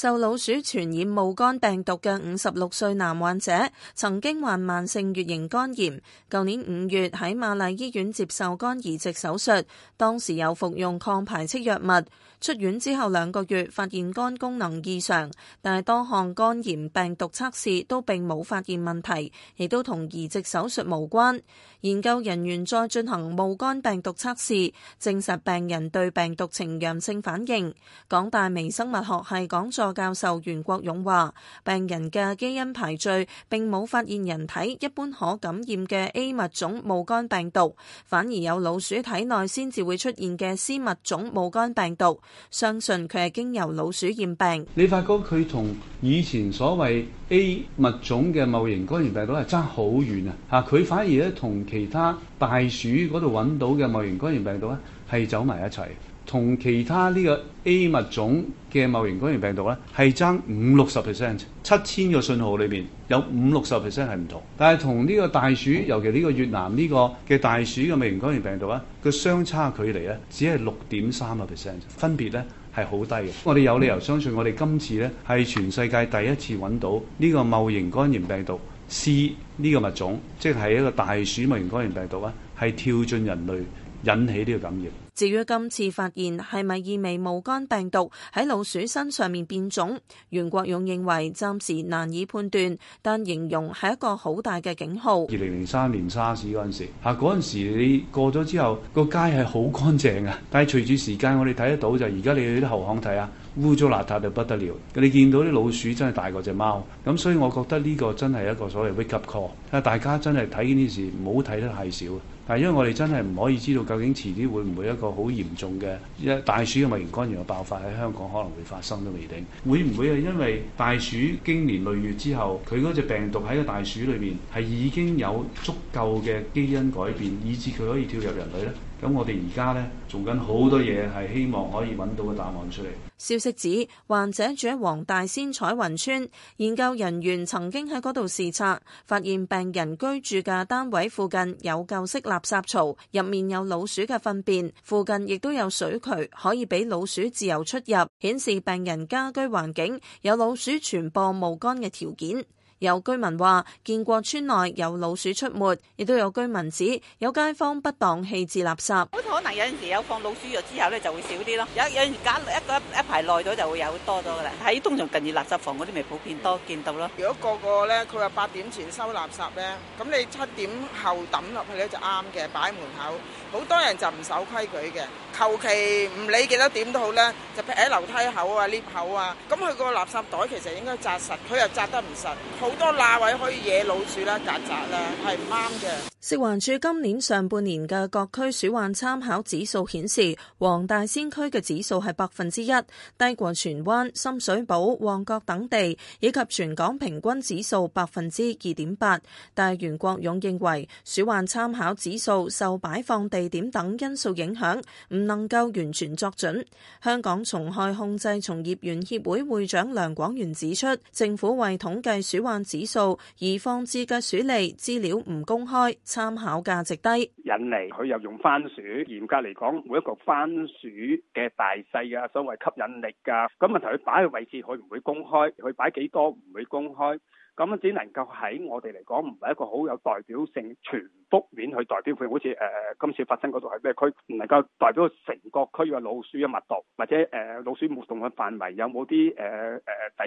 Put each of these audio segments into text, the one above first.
受老鼠傳染戊肝病毒嘅五十六歲男患者，曾經患慢性乙型肝炎，舊年五月喺瑪麗醫院接受肝移植手術，當時有服用抗排斥藥物。出院之後兩個月，發現肝功能異常，但係多項肝炎病毒測試都並冇發現問題，亦都同移植手術無關。研究人員再進行戊肝病毒測試，證實病人對病毒呈陽性反應。港大微生物學系講座。教授袁國勇話，病人嘅基因排序並冇發現人體一般可感染嘅 A 物種戊肝病毒，反而有老鼠體內先至會出現嘅 C 物種戊肝病毒，相信佢係經由老鼠染病。你發覺佢同以前所謂 A 物種嘅戊型肝炎病毒係差好遠啊！吓，佢反而咧同其他大鼠嗰度揾到嘅戊型肝炎病毒咧係走埋一齊。同其他呢個 A 物種嘅戊型肝炎病毒咧，係爭五六十 percent，七千個信號裏面有五六十 percent 係唔同，但係同呢個大鼠，尤其呢個越南呢個嘅大鼠嘅戊型肝炎病毒啊個相差距離咧只係六點三個 percent，分別咧係好低嘅。我哋有理由相信，我哋今次咧係全世界第一次揾到呢個戊型肝炎病毒 C 呢個物種，即係一個大鼠戊型肝炎病毒啊，係跳進人類引起呢個感染。至於今次發現係咪意味戊肝病毒喺老鼠身上面變種？袁國勇認為暫時難以判斷，但形容係一個好大嘅警號。二零零三年沙士嗰陣時，嚇嗰陣時你過咗之後，個街係好乾淨嘅。但係隨住時間，我哋睇得到就而家你去啲後巷睇啊，污糟邋遢到不得了。你見到啲老鼠真係大過隻貓，咁所以我覺得呢個真係一個所謂 wake up call。啊，大家真係睇呢啲事，唔好睇得太少。係因為我哋真係唔可以知道，究竟遲啲會唔會一個好嚴重嘅一大鼠嘅戊型肝炎嘅爆發喺香港可能會發生都未定，會唔會係因為大鼠經年累月之後，佢嗰隻病毒喺個大鼠裏邊係已經有足夠嘅基因改變，以至佢可以跳入人類呢？咁我哋而家呢，做緊好多嘢，係希望可以揾到個答案出嚟。消息指患者住喺黃大仙彩雲邨，研究人員曾經喺嗰度視察，發現病人居住嘅單位附近有舊式垃圾槽，入面有老鼠嘅糞便，附近亦都有水渠可以俾老鼠自由出入，顯示病人家居環境有老鼠傳播戊肝嘅條件。有居民話見過村內有老鼠出沒，亦都有居民指有街坊不當棄置垃圾。好可能有陣時有放老鼠藥之後咧就會少啲咯。一一間一個一排耐咗就會有多咗噶啦。喺東陽近住垃圾房嗰啲咪普遍多見到咯。如果個個咧佢話八點前收垃圾咧，咁你七點後抌落去咧就啱嘅，擺喺門口。好多人就唔守規矩嘅，求其唔理幾多點都好咧，就劈喺樓梯口啊、升降機口啊。咁佢個垃圾袋其實應該紮實，佢又紮得唔實。好多罅位可以惹老鼠啦、曱甴啦，係唔啱嘅。食環署今年上半年嘅各區鼠患參考指數顯示，黃大仙區嘅指數係百分之一，低過荃灣、深水埗、旺角等地，以及全港平均指數百分之二點八。但係袁國勇認為，鼠患參考指數受擺放地點等因素影響，唔能夠完全作準。香港蟲害控制從業員協會會長梁廣源指出，政府為統計鼠患指數而放置嘅鼠類資料唔公開，參考價值低。引嚟佢又用番薯，嚴格嚟講，每一個番薯嘅大細啊，所謂吸引力噶。咁、那個、問題佢擺嘅位置，佢唔會公開，佢擺幾多唔會公開。咁樣只能夠喺我哋嚟講，唔係一個好有代表性、全幅面去代表佢，好似誒今次發生嗰度係咩區，唔能夠代表成個區嘅老鼠嘅密度，或者誒老鼠活動嘅範圍有冇啲誒誒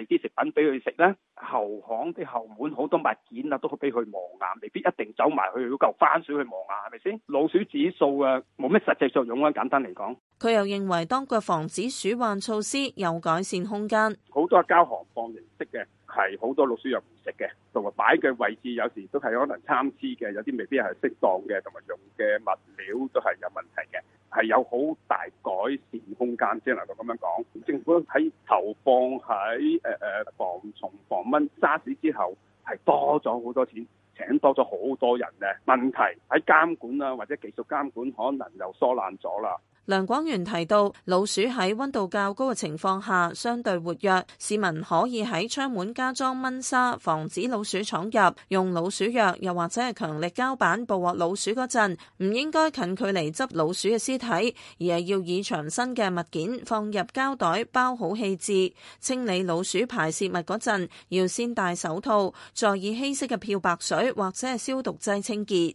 第啲食品俾佢食咧？後巷啲後門好多物件啊，都俾佢磨牙，未必一定走埋去嗰嚿番薯去磨牙，係咪先？老鼠指數啊，冇咩實際作用啊，簡單嚟講。佢又認為當局防止鼠患措施有改善空間，好多係交行放形式嘅。係好多老鼠藥唔食嘅，同埋擺嘅位置有時都係可能參差嘅，有啲未必係適當嘅，同埋用嘅物料都係有問題嘅，係有好大改善空間，先能夠咁樣講。政府喺投放喺誒誒防蟲防蚊沙士之後，係多咗好多錢，請多咗好多人，嘅問題喺監管啦，或者技術監管可能又疏懶咗啦。梁廣源提到，老鼠喺温度較高嘅情況下相對活躍，市民可以喺窗門加裝蚊紗，防止老鼠闖入。用老鼠藥又或者係強力膠板捕獲老鼠嗰陣，唔應該近距離執老鼠嘅屍體，而係要以長身嘅物件放入膠袋包好棄置。清理老鼠排泄物嗰陣，要先戴手套，再以稀釋嘅漂白水或者係消毒劑清潔。